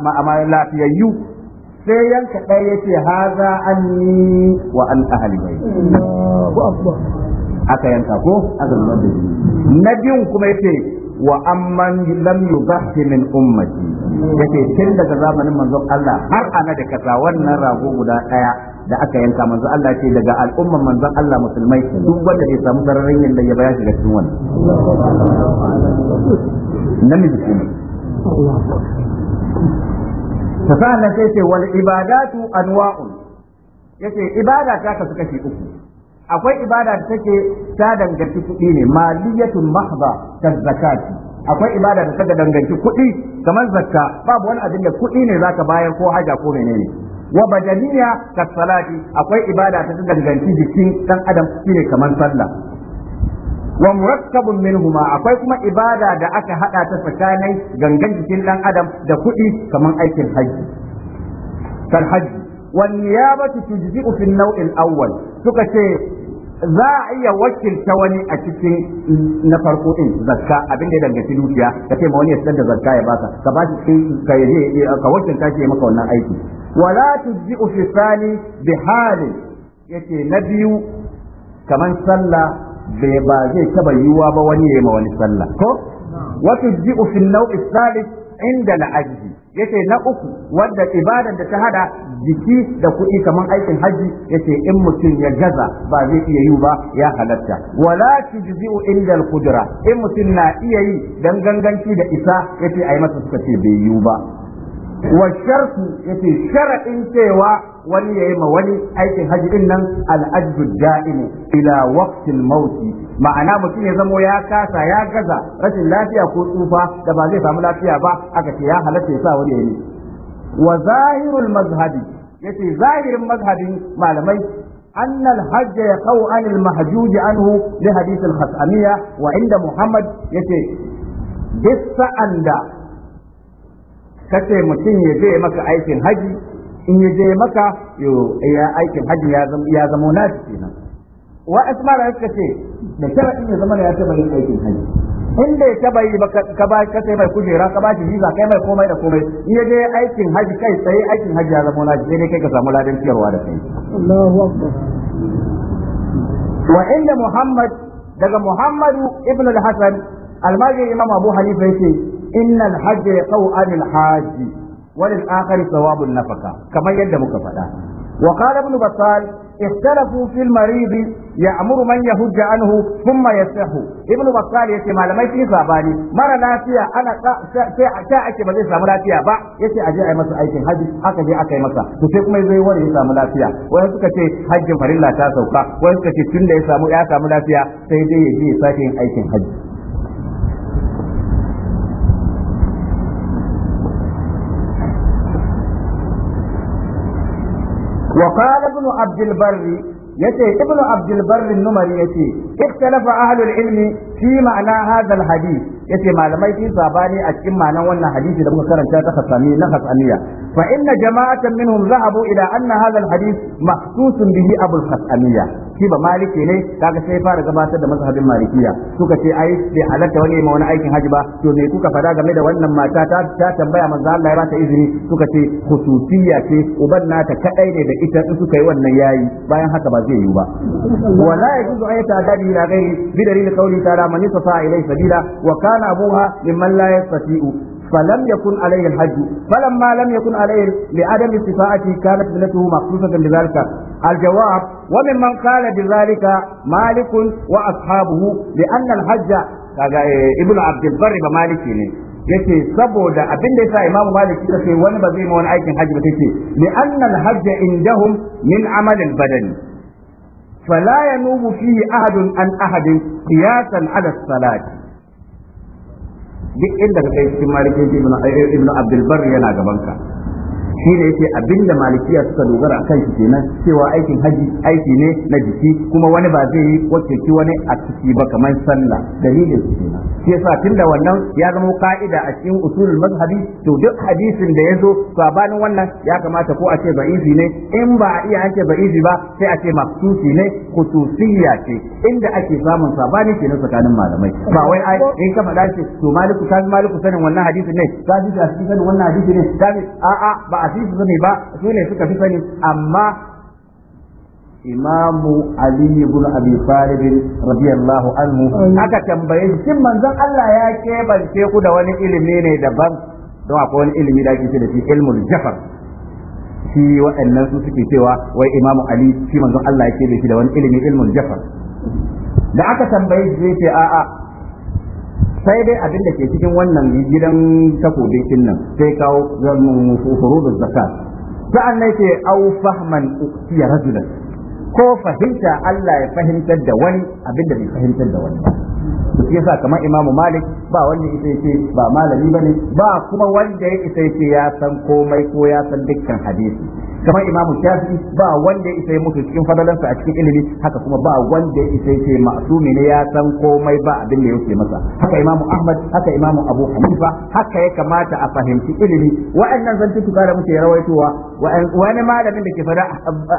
ما ما لا تيجيو sai yanka ɗaya ce haza an ni wa an ahli baiti aka yanka ko aka zubar da jini na biyun kuma ya ce wa amman lam yuzahhi min ummati yace tun daga zamanin manzon Allah har ana da kasa wannan rago guda daya da aka yanka manzon Allah ce daga al'umman manzon Allah musulmai duk wanda bai samu sararin da ya bayar da cikin wannan namiji kuma ta sa'an sai ce wal ibadatu anwa'un yace ibada ta kasu kashi uku akwai ibada da take ta danganci kuɗi ne maliyatun mahdha ta zakati akwai ibada da take danganci kuɗi kamar zakka babu wani abin da kuɗi ne zaka bayar ko haja ko menene wa badaniya ka salati akwai ibada ta danganci jikin dan adam shine kamar sallah wa murakkabun minhuma akwai kuma ibada da aka hada ta tsakanin gangan jikin dan adam da kuɗi kaman aikin haji kal haji wan niyabatu tujzi'u fi an-naw'il awwal suka ce za a iya wakilta wani a cikin na farko din zakka abin da ya danganci dukiya ka ce ma wani ya fitar da zakka ya baka ka ba shi ka yaje ka wakilta shi maka wannan aiki wala tujzi'u fi thani bi hali yace na biyu kaman sallah bai ba zai taba yiwuwa ba wani ya yi ma wani sallah ko wata ji'u fil nau'i salis inda la'aji yace na uku wanda ibadar da ta hada jiki da kuɗi kamar aikin haji yace in mutum ya gaza ba zai iya yi ba ya halatta wala tujzi'u inda al-qudra in mutum na iya yi dan ganganci da isa yace ai masa suka ce bai yi ba wa ya yace sharaɗin cewa wani ya yi ma wani aikin haji ɗin nan al-ajru ila waqtil mauti ma'ana mutum ya zamo ya kasa ya gaza rashin lafiya ko tsufa da ba zai samu lafiya ba aka ce ya halatta ya sa wani yayi wa zahirul mazhabi yace zahirin mazhabin malamai أن الحج يقع عن المحجوج عنه لحديث الخطأمية وعند محمد يتي بس أن kace mutum ya je maka aikin haji in ya je maka yo ya aikin haji ya zama na zama nashi wa asma da suka ce da sharadin ya zama ya taba yin aikin haji inda ya taba yi ka ba ka sai mai kujera ka ba shi visa kai mai komai da komai in ya je aikin haji kai sai aikin haji ya zama nashi sai dai kai ka samu ladan ciyarwa da kai Allahu akbar wa inda Muhammad daga Muhammadu ibn al-Hasan almajiri imam Abu Hanifa yake إن الحج hajj yaqau anil haji walil akhari thawabun nafaka kamar yadda muka faɗa اختلفوا في المريض يأمر من يهج عنه ثم يسحه ابن بطال يسمى لما يسمى يكن مرة لا فيها أنا شاء ما بزي سامو لا فيها با يتي أجي أي مسا أيكي حج حكا جي أكي مسا تسيق ما يزي ولي يسمى لا فيها ويسكا شي حج فريلا تاسوكا ويسكا شي تند يسامو يا لا فيها سيدي يجي ساكين أيكي حج وقال ابن عبد البر يتي ابن عبد البر النمري يتي اختلف أهل العلم في معنى هذا الحديث يتي ما لم يتي صاباني أتكم معنى وانا حديث لما كان تخصامي نخصامية فإن جماعة منهم ذهبوا إلى أن هذا الحديث مخصوص به أبو الخصامية shi ba maliki ne kaga sai fara gabatar da mazhabin malikiya suka ce ai bai halatta wani ma wani aikin haji ba to me kuka fada game da wannan mata ta ta tambaya manzo Allah ya bata izini suka ce khususiyya ce uban nata kadai ne da ita suka yi wannan yayi bayan haka ba zai yi ba wala yajuzu an dadi ila ghairi bidalil dalil qawli ta'ala man yastata ilayhi sabila wa kana abuha mimman la yastati'u فلم يكن عليه الحج فلما لم يكن عليه لعدم استطاعته كانت ابنته مخصوصة بذلك الجواب وممن قال بذلك مالك وأصحابه لأن الحج ابن عبد البر مالكي yace saboda abin da yasa Imam Malik ya ce wani ba zai ma wani aikin hajji ba take li anna al-hajj indahum min amal al-badani fala yanubu fihi ahadun an ahadin qiyasan ala salati duk inda ka kai cikin malikin ibn abdul yana gaban ka shine yake abinda malikiya suka dogara akan shi kenan cewa aikin haji aiki ne na jiki kuma wani ba zai yi ki wani a ciki ba kamar sallah dalilin shi kenan shi yasa tunda wannan ya zama ka'ida a cikin usulul mazhabi to duk hadisin da ya zo sabanin wannan ya kamata ko a ce ba'izi ne in ba a iya ake ba'izi ba sai a ce maksusi ne khususiyya ce inda ake samun sabani kenan tsakanin malamai ba wai ai in ka faɗa shi to maliku ka maliku sanin wannan hadisin ne ka ji a cikin sanin wannan hadisin ne ka a a ba a fi su sani ba su ne suka fi sani amma imamu ali ibn abi talib radiyallahu anhu mm. aka tambaye shi shin manzon Allah ya kebance ku da wani ilimi ne daban don akwai wani ilimi da ake ce da shi ilmul jafar shi waɗannan su suke cewa wai imamu ali shi manzon Allah ya kebe shi da wani ilimi ilmul jafar da aka tambaye shi ce a'a sai dai abin da ke cikin wannan gidan takobin nan sai kawo furudun zakat sa'an na ce au fahman uqtiya rajulan ko fahimta Allah ya fahimtar da wani abin da bai fahimtar da wani ba to shi yasa kamar Imam Malik ba wanda isa yake ba malami bane ba kuma wanda ya isa yake ya san komai ko ya san dukkan hadisi kamar Imam Shafi'i ba wanda ya isa mutu cikin fadalansa a cikin ilimi haka kuma ba wanda ya isa yake ma'sumi ne ya san komai ba abin da yake masa haka Imam Ahmad haka Imam Abu Hanifa haka ya kamata a fahimci ilimi wa'annan zantuka da muke rawaitowa wani malamin da ke fada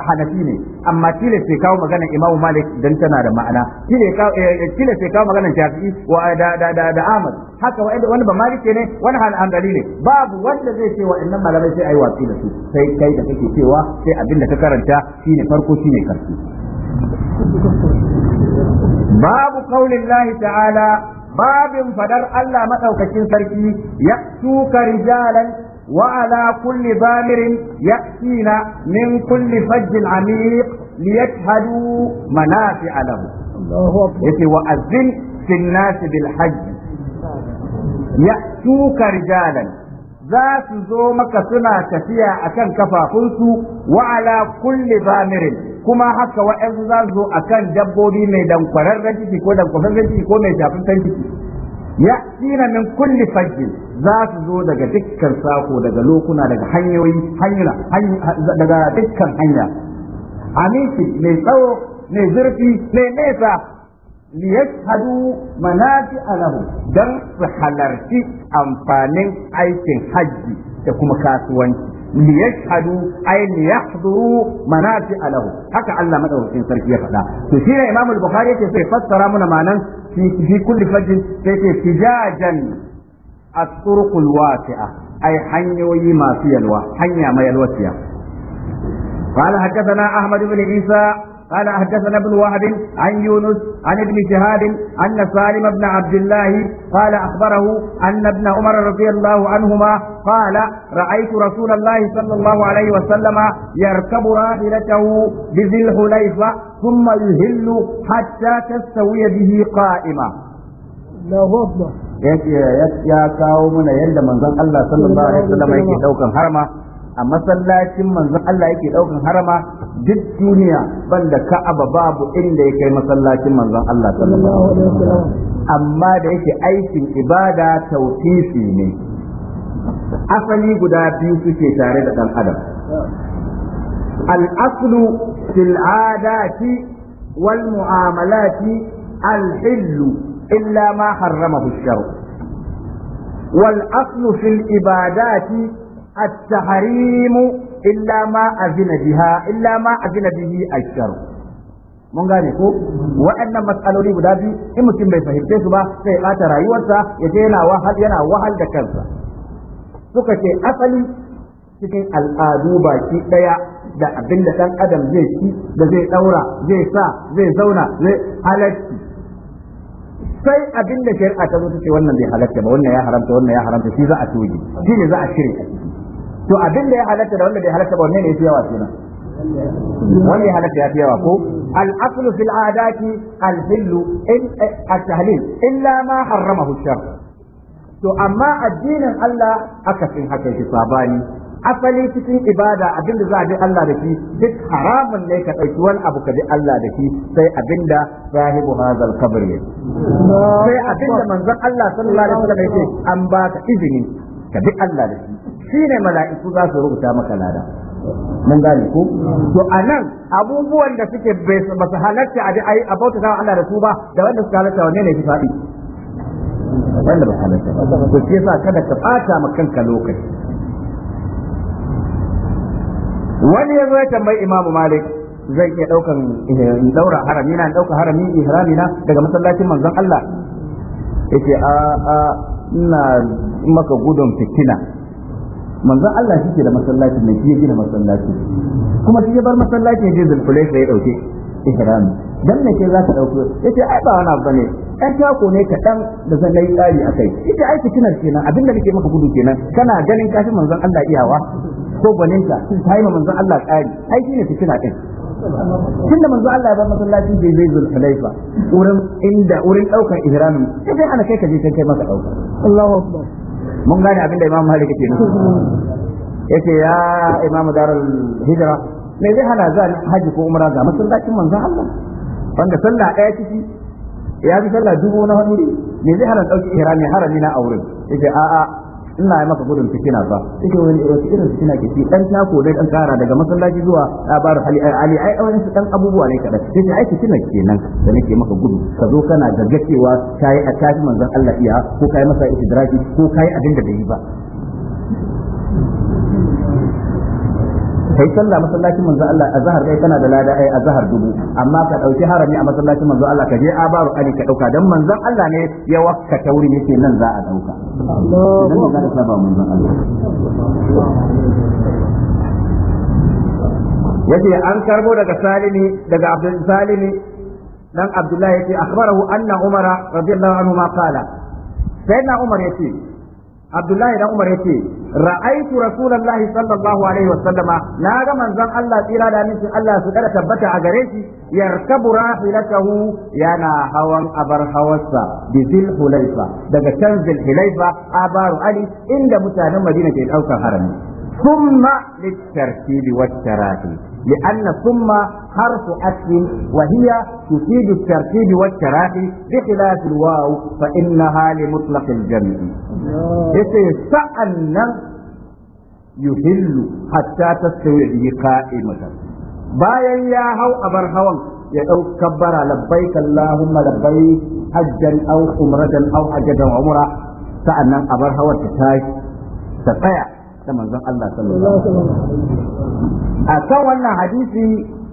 Hanafi ne amma tilas sai kawo maganar Imam Malik dan tana da ma'ana tilas eh, sai kawo maganar Shafi'i wa eh, da da da da Ahmad haka wanda wani ba Malik ne wani hanbali ne babu wanda zai ce wa innan malamai sai ai watsi da su sai kai da kake cewa sai abin da ka karanta shine farko shine karshe. babu qaulillahi ta'ala babin fadar Allah madaukakin sarki ya tuka rijalan وعلى كل ضامر يأتينا من كل فج عميق ليشهدوا منافع لهم wa'azin وأذن في الناس بالحج يأتوك رجالا za su zo maka suna tafiya akan kafafunsu wa'ala ala kulli kuma haka wa'yansu za su zo akan dabbobi mai dankwararren ciki ko dankwararren ciki ko mai shafin ciki ya tsina min kulli fajjin za su zo daga dukkan sako daga lokuna daga hanyoyi daga dukkan hanya aminci mai tsawo mai zurfi mai nesa liyashhadu manafi alahu dan su halarci amfanin aikin hajji da kuma kasuwanci liyashhadu ay liyahduru manafi alahu haka Allah madaukakin sarki ya faɗa to shi ne Imam Bukhari yake sai fassara mana manan fi kulli fajrin sai ke tijajan at-turuq al-wasi'a ay hanyoyi masu yalwa hanya mai yalwaciya قال حدثنا أحمد بن عيسى قال حدثنا ابن وهب عن يونس عن ابن شهاب أن سالم بن عبد الله قال أخبره أن ابن عمر رضي الله عنهما قال رأيت رسول الله صلى الله عليه وسلم يركب راحلته بذي الحليفة ثم يهل حتى تستوي به قائمة الله أكبر يا kawo mana yadda من Allah صلى الله عليه وسلم daukan harma a masallacin manzon Allah yake daukan harama duk duniya banda Ka'aba babu inda ya kai masallacin manzon Allah sallallahu alaihi wasallam amma da yake aikin ibada tawfifi ne asali guda biyu suke tare da dan adam al-aslu fil adati wal mu'amalati al-hill illa ma harramahu ash wal aslu fil ibadati التحريم إلا ما أذن بها إلا ما أذن به الشرع mun gane ko waɗannan matsaloli guda biyu in mutum bai fahimce su ba sai ɓata rayuwarsa ya je yana wahal yana wahal da kansa suka ce asali cikin al'adu baki ɗaya da abin da ɗan adam zai ci da zai ɗaura zai sa zai zauna zai halarci sai abin da shari'a ta zo ta ce wannan bai halarta ba wannan ya haramta wannan ya haramta shi za a toge shi ne za a shirya a ciki to abin da ya halatta da wanda bai halatta ba wanne ne yafi yawa kenan wanda ya halatta yafi yawa ko al-aslu fil adati al-hillu in eh, at-tahlil illa ma harramahu shar to amma addinin Allah akasin haka yake sabani asali cikin ibada abin da za a bi Allah da shi duk haramun ne ka ɗauki wani abu ka bi Allah da shi sai abinda sahibu hazal kabri sai abinda manzon Allah sallallahu alaihi wasallam yake an baka izini ka bi Allah da shi ne mala'iku za su rubuta maka lada mun gane ko to anan abubuwan da suke ba su halatta a ai abauta ta Allah da su ba da wanda suka halatta wanne ne ki fadi wanda ba halatta ba to shi yasa kada ka fata ma kanka lokaci wani yazo ya tambayi Imam Malik zai iya daukan daura eh, harami na dauka harami ihrami na daga masallacin manzon Allah yace a a ina maka gudun fitina manzon Allah shi ke da masallaci ne shi ya gina masallaci kuma shi ya bar masallaci ne je zulfulaifa ya dauke ihrami dan me ke za ka dauko yace ai ba wani abu bane ɗan tako ne ka dan da zan nayi tsari kai, ita aiki tunar kenan abinda nake maka gudu kenan kana ganin kashi manzon Allah iyawa ko gwaninka ta ma manzon Allah tsari ai shine fitina din tunda manzo Allah ya bar masallacin bai zai zul hulaifa wurin inda wurin daukar ihramin sai ana kai ka je kai maka dauka Allahu akbar mun gane abin da Imam Malik ke nufi yace ya Imam Darul Hijra me zai hana zan haji ko umra ga masallacin manzon Allah wanda sallah ɗaya ciki ya bi sallah dubu na hudu me zai hana dauki ihrami harami na aure yace a'a ina yi maka gudun fitina ba take wani wasu irin fitina ke ci dan tako dai dan kara daga masallaci zuwa labarin hali eh, ali ai wani su dan abubuwa ne kada take ai fitina kenan da nake maka gudu ka zo kana gaggacewa kai a tafi manzon Allah iya ko kai masa idraki ko kai abin da bai yi ba kai sallah masallacin manzo Allah a zahar kai kana da lada ai a zahar dubu amma ka dauki harami a masallacin manzo Allah ka je a baro ani ka dauka dan manzon Allah ne ya wakka tauri yake nan za a dauka dan manzo Allah ba manzon Allah yace an karbo daga salimi daga abdul salimi dan abdullahi yace akhbarahu anna umara radiyallahu anhu ma qala sayyidina umar yace Abdullahi dan Umar yace ra'aitu Rasulullahi sallallahu alaihi wasallama na ga manzon Allah tsira da amincin Allah su kada tabbata a gare shi yarkabu rahilatahu yana hawan abar hawarsa bi zil hulaifa daga can zil hulaifa abaru ali inda mutanen Madina ke daukar harami ثم للترتيب والتراتيب لأن ثم حرف أسل وهي تفيد الترتيب والتراخي بخلاف الواو فإنها لمطلق الجمع سألنا يهل حتى تستوي به قائمة بايا يا هو أبر هوى ya ɗau kabbara labbai kallahumma labbai hajjan au umratan au hajjatan umra sa'annan abar hawar ta tashi ta tsaya da manzon Allah sallallahu alaihi wasallam a kan wannan hadisi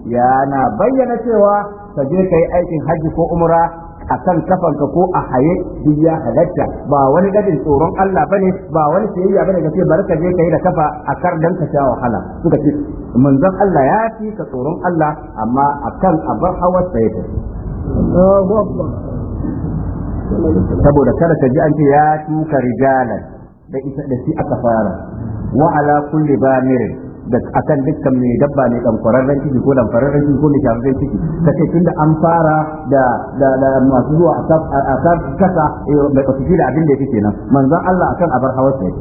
yana bayyana cewa ka je kai aikin haji ko umra a kan kafanka ko a haye duk ya halatta ba wani gadin tsoron Allah bane ba wani siyayya bane ka ce bari ka je kai da kafa a kar dan ka sha wahala suka ce manzon Allah ya fi ka tsoron Allah amma akan abar hawa sai saboda kada ka ji an ce ya tuka rijalan da ita da shi aka fara wa ala kulli bamir da akan dukkan mai dabba ne dan kwararren ciki ko dan fararren ciki ko mai shafarren ciki ka ce tunda an fara da da da masu zuwa a sab kasa bai eh, kasu da abin da yake kenan manzon Allah akan abar hawa sai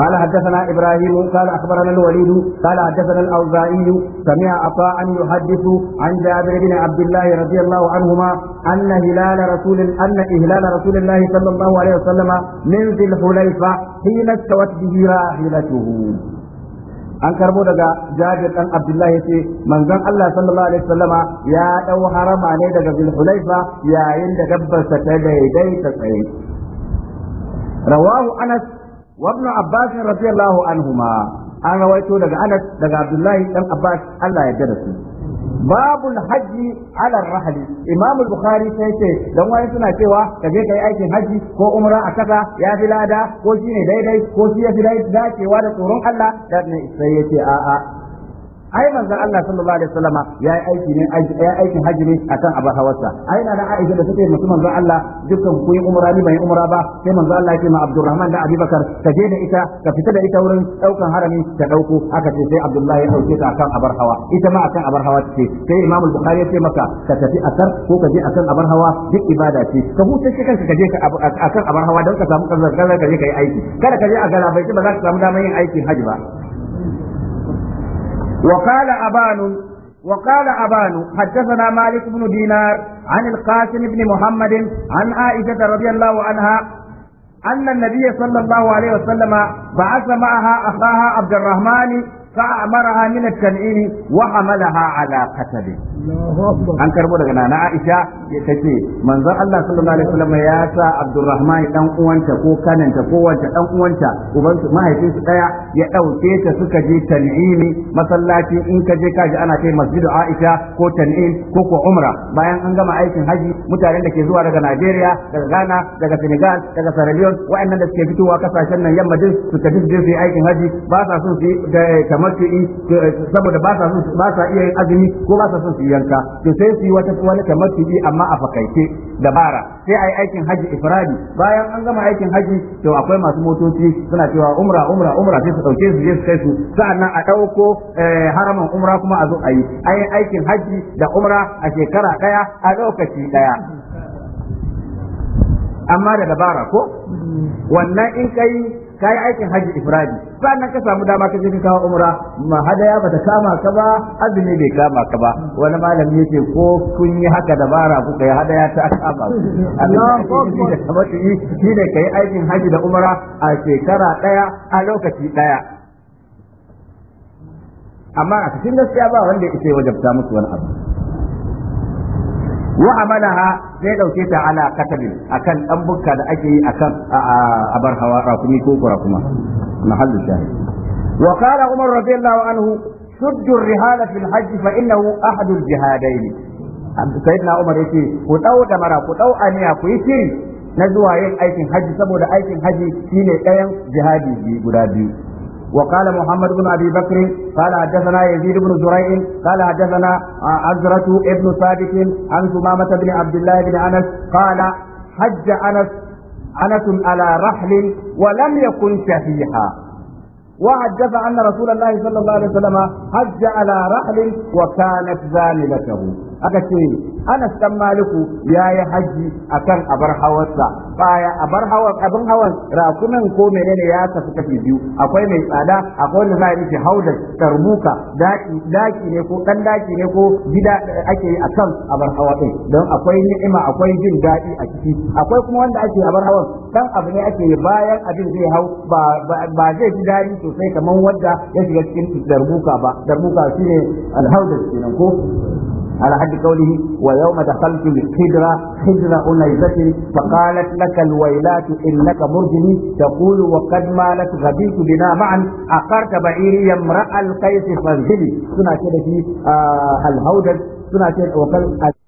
قال حدثنا ابراهيم قال اخبرنا الوليد قال حدثنا الاوزاعي سمع عطاء يحدث عن جابر بن عبد الله رضي الله عنهما ان هلال رسول ان اهلال رسول الله صلى الله عليه وسلم من ذي الحليفه حين استوت به راحلته an karbo daga jabir dan abdullahi yace manzon Allah sallallahu alaihi wasallama ya dau harama ne daga zulhulaifa yayin da dabbar sa ta daidaita tsaye rawahu anas وابن عباس رضي الله عنهما أنا رويته لك Abdullahi لك عبد الله بن عباس الله يجرسه باب الحج على الرحل امام البخاري sai ce dan wayan suna cewa ka je kai aikin haji ko umra a kasa ya fi lada ko shine daidai ko shi ya fi dacewa da tsoron Allah sai yace a'a ai manzon Allah sallallahu alaihi wasallama yayi aiki ne aikin haji ne akan abu hawarsa ai na da Aisha da take musu manzon Allah dukkan ku yi umra ni bai umra ba sai manzon Allah yake ma Abdurrahman da Abubakar ka je da ita ka fita da ita wurin daukan harami ta dauko aka ce sai Abdullahi ya dauke ta akan abar hawa ita ma akan abar hawa ce sai Imam Bukhari ya ce maka ka tafi asar ko ka je akan abar hawa duk ibada ce ka huta shi kanka ka je ka akan abar hawa don ka samu karzar karzar ka je ka yi aiki kada ka je a galabaiti ba za ka samu damar yin aikin haji ba وقال أبان وقال أبان حدثنا مالك بن دينار عن القاسم بن محمد عن عائشة رضي الله عنها أن النبي صلى الله عليه وسلم بعث معها أخاها عبد الرحمن فأمرها من التنعيم وحملها على قتله an karbo daga nana Aisha ya ce manzon Allah sallallahu alaihi wasallam ya sa Abdulrahman, dan uwanta ko kananta ko wanta dan uwanta uban su mahaifin su daya ya dauke ta suka je tan'imi masallaci in ka je kaji ana kai masjidu Aisha ko tan'im ko ko umra bayan an gama aikin haji mutanen da ke zuwa daga Najeriya daga Ghana daga Senegal daga Sierra Leone waɗannan da suke fitowa kasashen nan yamma din su tafi su je su yi aikin haji ba sa so su yi in eh, saboda ba sa ba sa iya yin azumi ko ba sa son su yanka to sai su yi wata wani bi amma a fakaice dabara sai ai aikin haji ifradi bayan an gama aikin haji to akwai masu motoci suna cewa umra umra umra sai su dauke su je su kai su sa'annan a dauko eh, haraman umra kuma a zo a yi ai aikin haji da umra a shekara daya a lokaci daya amma da dabara ko wannan in kai yi aikin haji ifradi sannan ka samu dama ka je ka kawo umra ma hadaya bata kama ka ba azumi bai kama ka ba wani malami yake ko kun yi haka dabara kuka yi hadaya ta kama ku abin da kamata yi shi ne kai aikin haji da umra a shekara daya a lokaci daya amma a cikin gaskiya ba wanda ya wajabta musu wani abu wa amalaha zai dauke ta ala katabin akan dan bukka da ake yi akan bar hawa rakumi ko kurakuma mahallu shahid wa qala umar radiyallahu anhu suddu rihala fil hajj fa innahu ahadul jihadaini sayyidina umar yace ku dau da mara ku dau aniya ku yi na zuwa yin aikin haji saboda aikin haji shine ɗayan jihadi guda biyu وقال محمد بن أبي بكر قال حدثنا يزيد بن زريع قال حدثنا عزرة ابن ثابت عن ثمامة بن عبد الله بن أنس قال حج أنس أنس على رحل ولم يكن شفيها وحدث أن رسول الله صلى الله عليه وسلم حج على رحل وكانت زاملته أكثر أنا مالك يا يا حجي أكن أبرح وسع baya a bar hawan abin hawan rakunan ko menene ya tafi tafi biyu akwai mai tsada akwai wanda za a yi hauda tarbuka daki ne ko dan daki ne ko gida ake yi akan bar hawa din don akwai ni'ima akwai jin daɗi a ciki akwai kuma wanda ake a bar hawan dan abu ne ake yi bayan abin zai hau ba zai ji daɗi sosai kamar wanda ya shiga cikin darbuka ba darbuka shine alhaudar kenan ko على حد قوله ويوم دخلت الحجرة حجرة أنيسة فقالت لك الويلات إنك مرجني تقول وقد مالت غبيت بنا معا أقرت بعيري امرأ القيس فانزلي سنة كده في آه الهودج سنة وقد